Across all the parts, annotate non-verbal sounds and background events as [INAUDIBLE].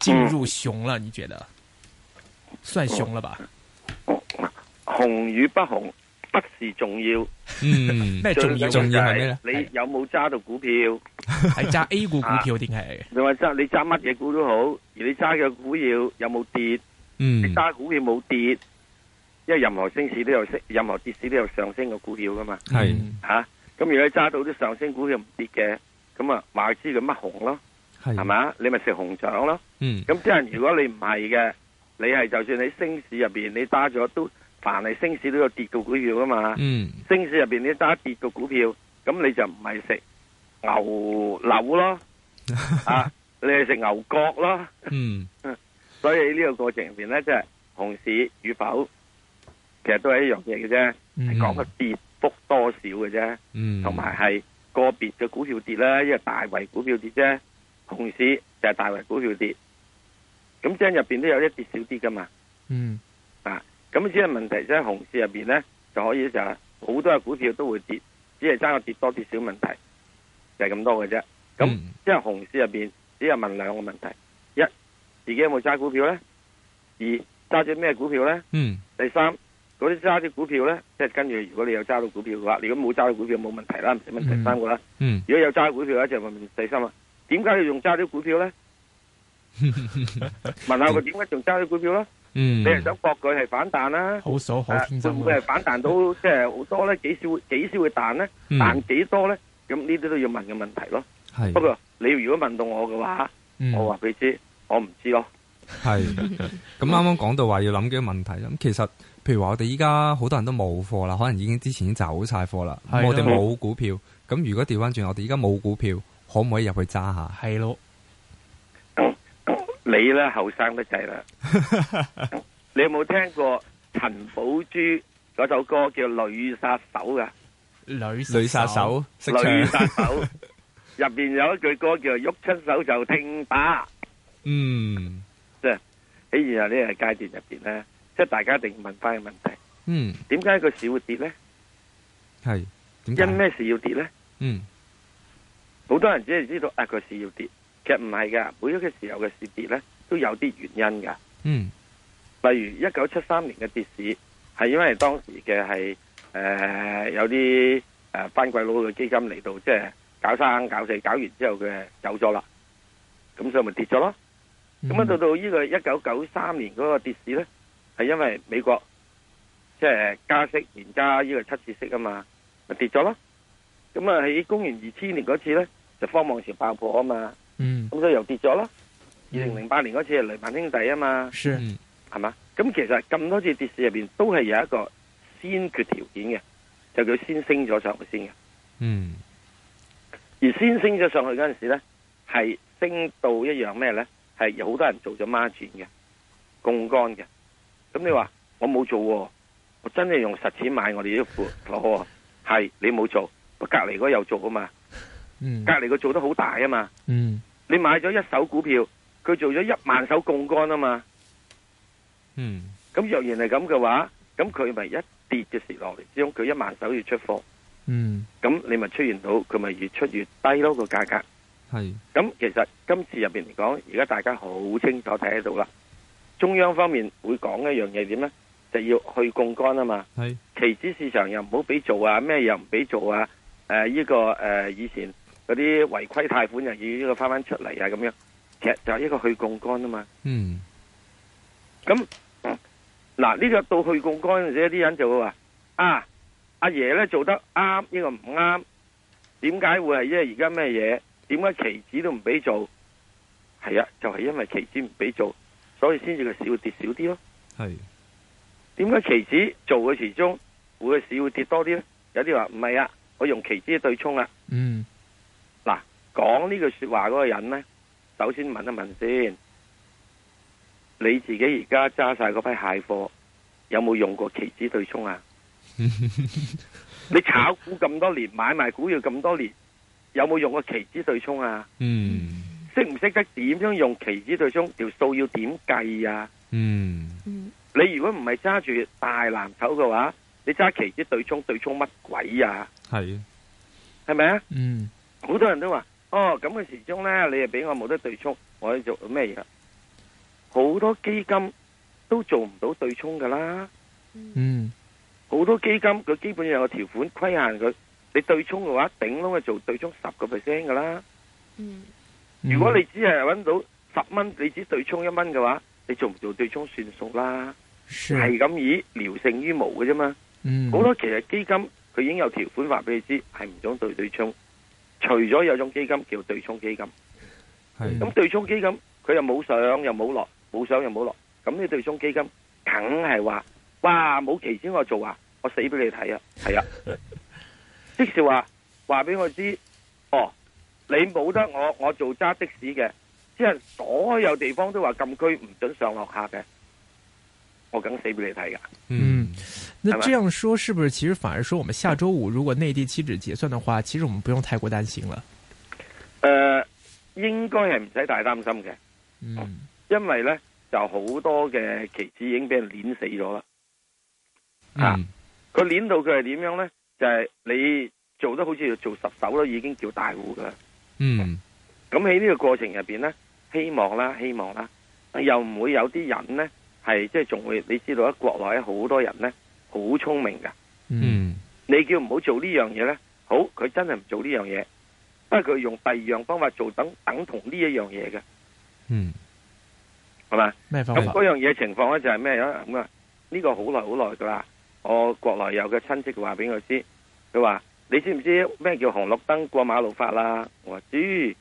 進入熊了，你覺得、嗯、算熊了吧？紅與不紅不是重要，嗯，咩、就是、重要重要係咩咧？你有冇揸到股票？係揸、哎、A 股股票定係、啊？你話揸你揸乜嘢股都好，而你揸嘅股票有冇跌？嗯、你揸股票冇跌，因為任何升市都有升，任何跌市都有上升嘅股票噶嘛。係吓、嗯，咁、啊、如果你揸到啲上升股票唔跌嘅，咁啊，話知佢乜紅咯。係嘛？你咪食紅漲咯。咁、嗯、即係如果你唔係嘅，你係就算喺升市入邊，你揸咗都，凡係升市都有跌到股票㗎嘛。升、嗯、市入邊你揸跌嘅股票，咁你就唔係食牛柳咯， [LAUGHS] 啊，你係食牛角咯。嗯、 [LAUGHS] 所以呢個過程入邊咧，即、就、係、是、紅市與否，其實都係一樣嘢嘅啫，係講個跌幅多少嘅啫，同埋係個別嘅股票跌啦，因為大圍股票跌啫。熊市就係大圍股票跌，咁即係入邊都有一些跌少啲噶嘛。嗯，啊，咁只係問題，即係熊市入邊咧就可以就係好多嘅股票都會跌，只係爭個跌多跌少問題，就係、是、咁多嘅啫。咁即係熊市入邊，只係問兩個問題：一，自己有冇揸股票咧？二，揸咗咩股票咧？嗯。第三，嗰啲揸啲股票咧，即、就、係、是、跟住如果你有揸到股票嘅話，你如果冇揸到股票冇問題啦，唔使問題第三個啦、嗯。嗯。如果有揸股票咧，就問第三啊。點解要用揸啲股票咧？問下佢點解仲揸啲股票呢？ [LAUGHS] 票呢嗯，你係想搏佢係反彈啦、啊？好傻，好天真、啊！會係、啊、反彈到即係好多咧？幾少幾少會彈咧？彈幾、嗯、多咧？咁呢啲都要問嘅問題咯。係是不過你如果問到我嘅話，嗯、我話俾你知，我唔知咯。係咁啱啱講到話要諗幾個問題咁，其實譬如話我哋依家好多人都冇貨啦，可能已經之前已經走晒貨啦。的我哋冇股票，咁如果調翻轉，我哋依家冇股票。可唔可以入去揸下？係咯，你咧後生得滯啦。 [LAUGHS] 你有冇聽過陳寶珠嗰首歌叫《女殺手》噶、啊？女女殺手，女殺手。入邊唱 [LAUGHS] 有一句歌叫喐親手就聽打。嗯，即係喺而家呢個階段入邊咧，即係大家一定要問翻個問題。嗯，點解個市會跌咧？係，因咩事要跌咧？嗯。好多人只係知道啊，個市要跌，其實唔係噶，每一個時候嘅市跌咧都有啲原因噶。嗯，例如一九七三年嘅跌市，係因為當時嘅係誒有啲誒番鬼佬嘅基金嚟到，即係搞生搞死搞完之後佢走咗啦，咁所以咪跌咗咯。咁啊，嗯，到到呢個一九九三年嗰個跌市咧，係因為美國即係加息，而加呢個七次息啊嘛，咪跌咗咯。咁啊，喺公元二千年嗰次咧。就慌忙時爆破啊嘛，咁所以又跌咗咯。二零零八年嗰次係雷曼兄弟啊嘛，係嘛是？咁其實咁多次跌市入邊都係有一個先決條件嘅，就叫先升咗上去先嘅。嗯，而先升咗上去嗰陣時咧，係升到一樣咩咧？係有好多人做咗孖展嘅，槓桿嘅。咁你話我冇做、哦，我真係用實錢買我，我哋啲貨喎。係你冇做，我隔籬嗰個有做啊嘛。隔籬佢做得好大啊嘛，嗯、你買咗一手股票，佢做咗一萬手槓桿啊嘛，咁、嗯、若然係咁嘅話，咁佢咪一跌嘅時落嚟，將佢一萬手要出貨，咁、嗯、你咪出現到佢咪越出越低咯，這個價格。咁是其實今次入邊嚟講，而家大家好清楚睇得到啦。中央方面會講一樣嘢點呢？就要去槓桿啊嘛，期指是市場又唔好俾做啊，咩又唔俾做啊，誒、呃、呢、這個誒、呃、以前。嗰啲違規貸款又要呢個翻翻出嚟啊，咁樣其實就係一個去槓桿啊嘛。嗯。咁嗱，呢個到去槓桿嗰陣時，啲人就會話，啊，阿爺咧做得啱，呢個唔啱。點解會係因為而家咩嘢？點解期指都唔俾做？係啊，就係因為期指唔俾做，所以先至個市會跌少啲咯。係。點解期指做嘅時鐘會個市會跌多啲咧？有啲話唔係啊，我用期指對沖啊。嗯。嗱，講呢句說話嗰個人呢，首先問一問先，你自己而家揸晒嗰批蟹貨，有冇用過期指對沖啊？ [LAUGHS] 你炒股咁多年，買賣股要咁多年，有冇用過期指對沖啊？嗯，識唔識得點樣用期指對沖？條數要點計啊？嗯，你如果唔係揸住大藍籌嘅話，你揸期指對沖，對沖乜鬼啊？係係咪啊？吧嗯。好多人都話，哦，咁嘅時鐘咧，你又俾我冇得對沖，我要做咩嘢？好多基金都做唔到對沖噶啦。嗯，好多基金佢基本上有個條款規限佢，你對沖嘅話，頂窿係做對沖十個 percent 噶啦。嗯，如果你只係搵到十蚊，你只對沖一蚊嘅話，你做唔做對沖算數啦？係咁是以聊勝於無嘅啫嘛，嗯，好多其實基金佢已經有條款話俾你知，係唔想對對沖。除咗有一種基金叫對沖基金，咁的對沖基金，佢又冇上又冇落，冇上又冇落，咁呢對沖基金梗係話，哇冇期先我做啊，我死俾你睇啊，係啊， [LAUGHS] 即係話話俾我知，哦，你冇得我我做揸的士嘅，即係所有地方都話禁區唔准上落客嘅，我梗死俾你睇噶、啊，嗯。那這樣說是不是其實反而說我們下周五如果內地期指結算的話，其實我們不用太過擔心了。誒、呃，應該係唔使太擔心嘅。嗯，因為呢就好多嘅期指已經俾人碾死咗啦。嗯、啊，佢碾到佢係點樣呢？就係、是、你做得好似做十手都已經叫大戶噶。嗯，咁喺呢個過程入邊呢，希望啦，希望啦，又唔會有啲人呢係即係仲會，你知道喺國內好多人呢。好聰明噶，嗯，你叫唔好做這事呢樣嘢咧，好，佢真係唔做呢樣嘢，不過佢用第二樣方法做等，等等同呢一樣嘢嘅，嗯，係嘛，咩方法？咁樣嘢情況咧就係咩咁啊？呢個好耐好耐噶啦，我國內有嘅親戚話俾佢知，佢話你知唔知咩叫紅綠燈過馬路法啦？我話知，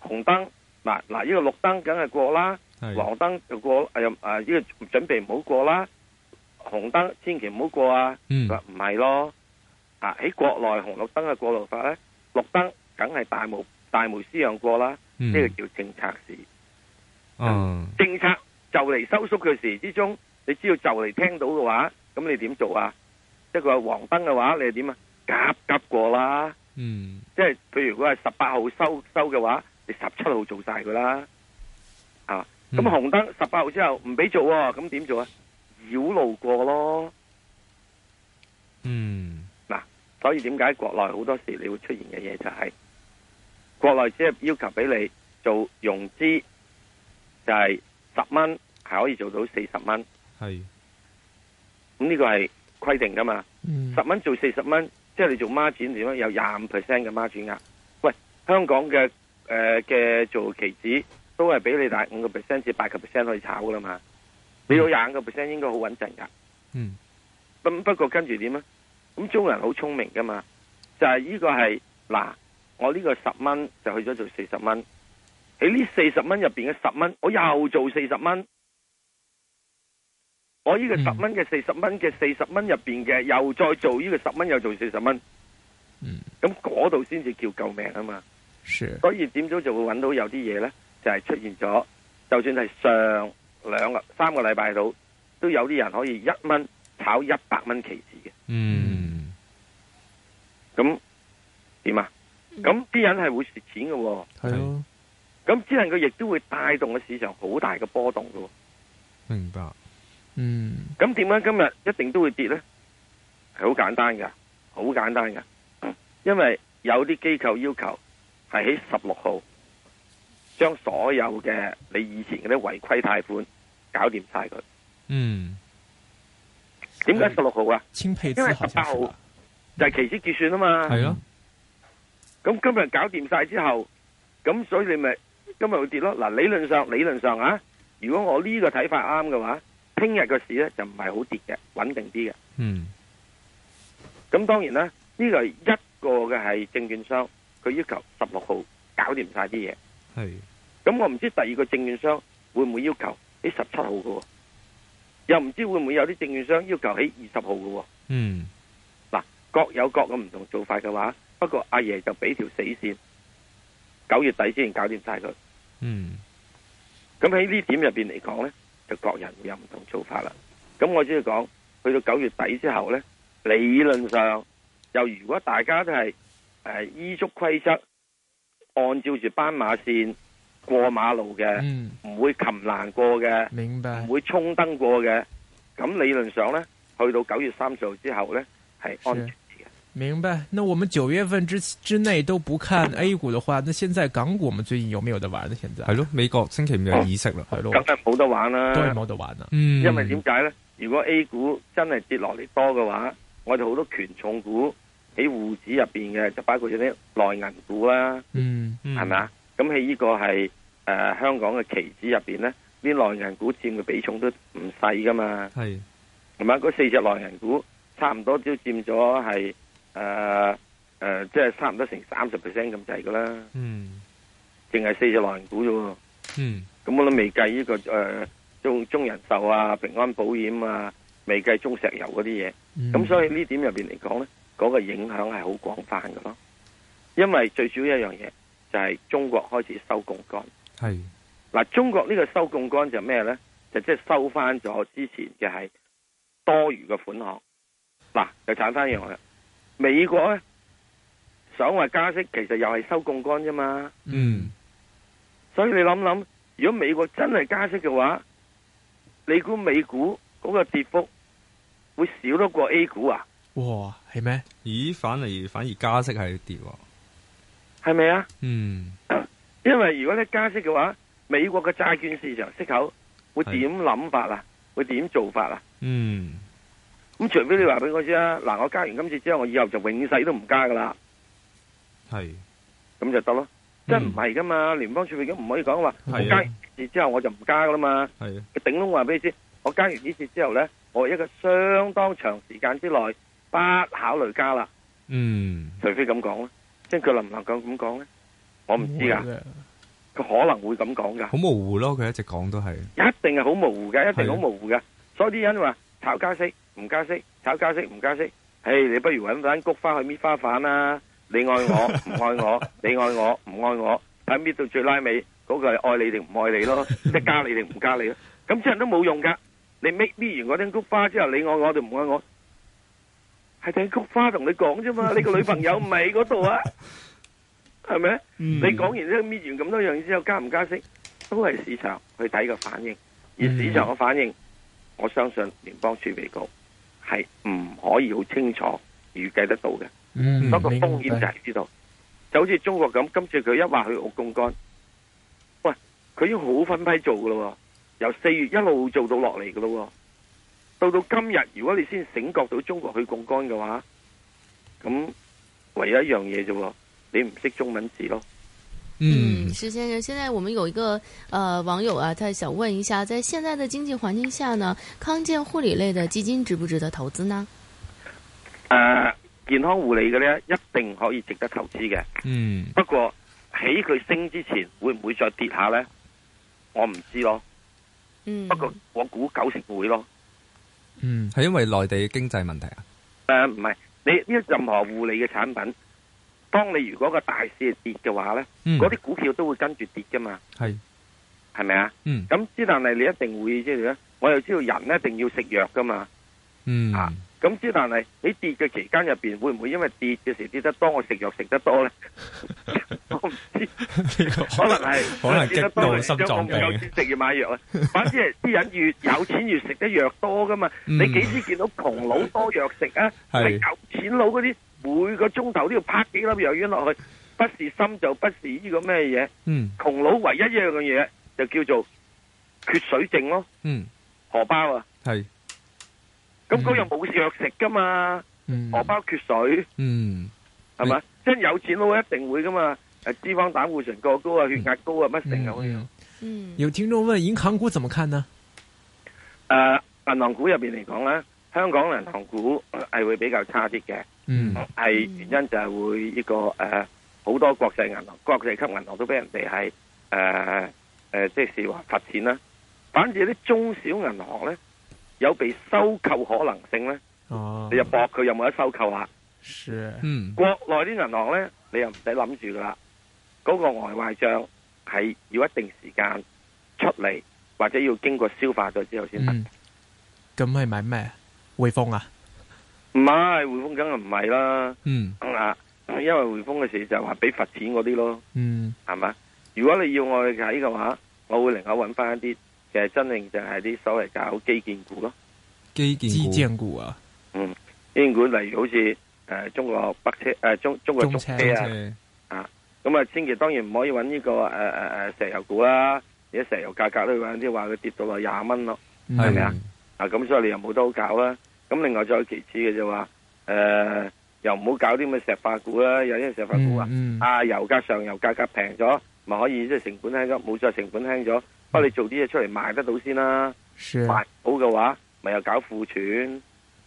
紅燈嗱嗱，呢個綠燈梗係過啦，黃燈的就過，誒誒呢個準備唔好過啦。紅燈千祈唔好過啊！話唔係咯，啊喺國內紅綠燈嘅過路法咧，綠燈梗係大模大模斯樣過啦，呢個、嗯、叫政策事。啊、嗯，政策就嚟收縮嘅時之中，你知道就嚟聽到嘅話，咁你點做啊？即係佢話黃燈嘅話，你係點啊？急急過啦！嗯，即係佢如如果係十八號收收嘅話，你十七號做晒佢啦。啊，咁、嗯啊、紅燈十八號之後唔俾做，咁點做啊？繞路過咯，嗯、嗱、啊，所以點解國內好多時你會出現嘅嘢就係、是、國內只係要求俾你做融資，就係十蚊係可以做到四十蚊，係是，咁呢、嗯這個係規定噶嘛，十蚊、嗯、做四十蚊，即、就、係、是、你做孖展點樣有廿五 percent 嘅孖展額？喂，香港嘅誒嘅做期指都係俾你大五個 percent 至八個 percent 可以炒噶啦嘛。畀到廿五個 percent 應該好穩陣噶、嗯，嗯，不不過跟住點啊？咁中國人好聰明噶嘛，就係、是、呢個係嗱，我呢個十蚊就去咗做四十蚊，喺呢四十蚊入邊嘅十蚊，我又做四十蚊，我呢個十蚊嘅四十蚊嘅四十蚊入邊嘅，嗯、又再做呢個十蚊又做四十蚊，嗯，嗯，咁嗰度先至叫救命啊嘛，是 所以點都就會搵到有啲嘢咧，就係、是、出現咗，就算係上。兩個三個禮拜到，都有啲人可以一蚊炒一百蚊期指嘅。嗯，咁點啊？咁啲人係會蝕錢嘅。係咯。咁只能夠亦都會帶動個市場好大嘅波動嘅。明白。嗯。咁點解今日一定都會跌呢？係好簡單噶，好簡單噶。嗯。因為有啲機構要求係喺十六號。將所有嘅你以前嗰啲違規貸款搞掂晒佢。嗯，點解十六號啊？因為十八號就係期指結算啊嘛。係咯。咁今日搞掂晒之後，咁所以你咪今日會跌咯。嗱、啊，理論上理論上啊，如果我呢個睇法啱嘅話，聽日嘅市咧就唔係好跌嘅，穩定啲嘅。嗯。咁當然啦，呢個係一個嘅係證券商佢要求十六號搞掂晒啲嘢。係，咁我唔知第二個證券商會唔會要求喺十七號喎，又唔知會唔會有啲證券商要求喺二十號喎。嗯，嗱、嗯，各有各嘅唔同做法嘅話，不過阿爺就俾條死線，九月底先搞掂晒佢。嗯，咁喺呢點入邊嚟講咧，就各人會有唔同做法啦。咁我只係講，去到九月底之後咧，理論上就如果大家都係誒、呃、依足規則，按照住斑馬線過馬路嘅，唔、嗯、會擒欄過嘅，唔白會衝燈過嘅。咁理論上咧，去到九月三十號之後咧，係安全嘅。明白。那我們九月份之之內都不看 A 股的話，那現在港股我們最近有冇得玩呢？其實係咯，美國星期五就議息啦，係咯。梗係冇得玩啦、啊，都係冇得玩啦、啊。嗯、因為點解咧？如果 A 股真係跌落嚟多嘅話，我哋好多權重股。喺滬指入邊嘅，就係包括有啲內銀股啦、嗯，嗯，係咪啊？咁喺呢個係誒、呃、香港嘅期指入邊咧，啲內銀股佔嘅比重都唔細噶嘛，係，同埋嗰四隻內銀股差唔多都佔咗係誒誒，即係差唔多成三十 percent 咁滯噶啦，嗯，淨係四隻內銀股啫喎，嗯，咁我都未計呢個誒、呃、中中人壽啊、平安保險啊，未計中石油嗰啲嘢，咁、嗯、所以呢點入邊嚟講咧？嗰個影響係好廣泛噶咯，因為最少一樣嘢就係、是、中國開始收槓桿。係嗱是，中國呢個收槓桿就咩咧？就即係收翻咗之前就係多餘嘅款項。嗱，又賺翻一樣嘢。美國咧，想話加息，其實又係收槓桿啫嘛。嗯。所以你諗諗，如果美國真係加息嘅話，你估美股嗰個跌幅會少得過 A 股啊？哇，係咩？咦，反而反而加息係跌，係咪啊？嗯，因為如果你加息嘅話，美國嘅債券市場息口會點諗法啊？會點是的 做法啊？嗯，咁除非你話俾我知啊，嗱，我加完今次之後，我以後就永世都唔加噶啦。係，咁就得咯。即唔係噶嘛，聯邦儲備已經唔可以講話是的 加完次之後我就唔加噶啦嘛。係啊，頂多話俾你知，我加完呢次之後咧，我一個相當長時間之內。不考慮加啦，嗯，除非咁講啦，即係佢能唔能夠咁講咧？我唔知噶，佢可能會咁講噶。好模糊咯，佢一直講都係。一定係好模糊嘅，一定好模糊嘅。所以啲人話炒加息唔加息，炒加息唔加息，誒，你不如搵返菊花去搣花瓣啦。你愛我唔愛我，你愛我唔愛我，睇搣到最拉尾，嗰個係愛你定唔愛你咯？即係加你定唔加你咯？咁真人都冇用噶。你搣搣完嗰啲菊花之後，你愛我定唔愛我？係睇菊花同你講啫嘛，你個女朋友咪嗰度啊，係咪？你講完之後搣完咁多樣之後，加唔加息都係市場去睇個反應，而市場嘅反應，嗯、我相信聯邦儲備局係唔可以好清楚預計得到嘅。嗯，不過風險就係知道，白就好似中國咁，今次佢一話去澳共干，喂，佢已經好分批做噶喎，由四月一路做到落嚟噶喎。到到今日，如果你先醒覺到中國去槓桿嘅話，咁唯一一樣嘢啫，你唔識中文字咯。嗯，石先生，現在我們有一個呃網友啊，他想問一下，在現在的經濟環境下呢，康健護理類的基金值不值得投資呢？嗯，啊，健康護理嘅呢，一定可以值得投資嘅。嗯，不過喺佢升之前，會唔會再跌下呢？我唔知道咯。嗯，不過我估九成會咯。嗯，係因為內地嘅經濟問題啊？誒、呃，唔係，你呢任何護理嘅產品，當你如果個大市跌嘅話咧，嗰啲、嗯、股票都會跟住跌噶嘛，係係咪啊？嗯那，咁之但係你一定會即係咧，我又知道人一定要食藥噶嘛，嗯。啊咁之但係你跌嘅期間入邊，會唔會因為跌嘅時跌得多，我食藥食得多咧？ [LAUGHS] 我唔知， [LAUGHS] 可能係是 [LAUGHS] 可能跌得多我唔夠錢食要買藥啊！ [LAUGHS] 反正係啲人越有錢越食得藥多噶嘛。嗯，你幾時見到窮佬多藥食啊？係是有錢佬嗰啲，每個鐘頭都要拍幾粒藥丸落去，不是心就不是呢個咩嘢？嗯，窮佬唯一一樣嘅嘢就叫做缺水症咯。嗯，荷包啊，係。咁嗰樣冇藥食噶嘛，荷、嗯、包缺水，係咪、嗯，即、嗯、係吧有錢佬一定會噶嘛，誒脂肪膽固醇過高啊，血壓高啊，乜成咁樣有。有聽眾問銀行股怎麼看呢？誒、呃，銀行股入邊嚟講咧，香港銀行股係會比較差啲嘅，係、嗯、原因就係會呢個誒好、呃、多國際銀行、國際級銀行都俾人哋係誒誒，即係話罰錢啦。反正啲中小銀行咧。有被收購可能性咧，哦、你就搏佢有冇得收購啦。是，嗯，國內啲銀行咧，你又唔使諗住噶啦。嗰、嗰個外匯賬係要一定時間出嚟，或者要經過消化咗之後先得。咁係、嗯、買咩？匯豐啊？唔係匯豐，梗係唔係啦。嗯啊，因為匯豐嘅事就話俾罰錢嗰啲咯。嗯，係咪？如果你要我去睇嘅話，我會另口揾翻一啲。誒，真正就係啲所謂搞基建股咯，基建股，基建股啊，嗯，基建股例如好似誒、呃、中國北車誒、呃、中中國中車啊，啊，咁啊千祈當然唔可以搵呢個誒誒誒石油股啦，而石油價格都搵啲話佢跌到落廿蚊咯，係咪啊？啊咁所以你又冇得好搞啦，啊，咁另外再其次嘅就話、是、誒、呃，又唔好搞啲咁嘅石化股啦，有啲石化股啊，有些石股啊、嗯嗯、啊油價上油價格平咗，咪可以即係、就是、成本輕冇咗成本輕咗。不過你做啲嘢出嚟賣得到先啦，賣好嘅話咪又搞庫存，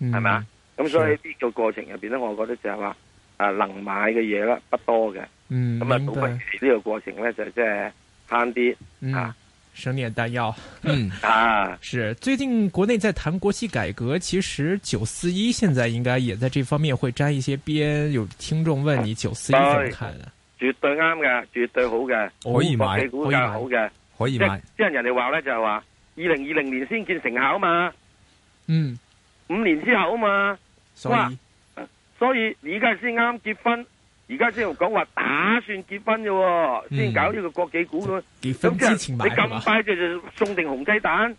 係咪啊？咁所以呢個過程入邊咧，我覺得就係話啊，能買嘅嘢咧不多嘅，咁啊，冇乜事呢個過程咧就即係慳啲啊，省點彈藥。嗯啊，是。最近國內在談國企改革，其實九四一現在應該也在這方面會沾一些邊。有聽眾問你九四一怎麼看啊？絕對啱嘅，絕對好嘅，可以買，可以買，好嘅。可以買，即係人哋話咧，就係話二零二零年先見成效啊嘛，嗯，五年之後啊嘛，哇以、啊，所以而家先啱結婚，而家先講話打算結婚嘅，先、嗯、搞呢個國際股咁，咁之前你咁快就就送定紅雞蛋，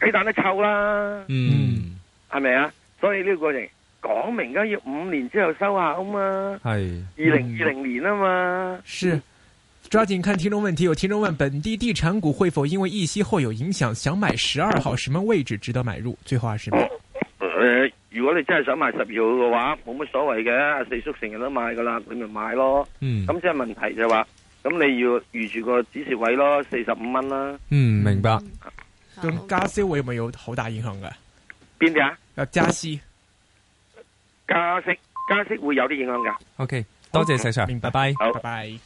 雞 [LAUGHS] 蛋都臭啦，嗯，係咪啊？所以呢個嘢講明，梗要五年之後收效啊嘛，係是，二零二零年啊嘛。抓緊看聽眾問題，有聽眾問本地地產股會否因為議息後有影響？想買十二號，什麼位置值得買入？最後二十秒。如果你真係想買十二號嘅話，冇乜所謂嘅。四叔成日都買噶啦，你咪買咯。嗯。咁即係問題就係話，咁你要預住個止蝕位咯，四十五蚊啦。嗯，明白。咁加息會唔會有好大影響嘅？邊啲啊？啊，加息？加息？加息會有啲影響噶。OK，多謝石 Sir，嗯，明白，拜拜，好，拜拜。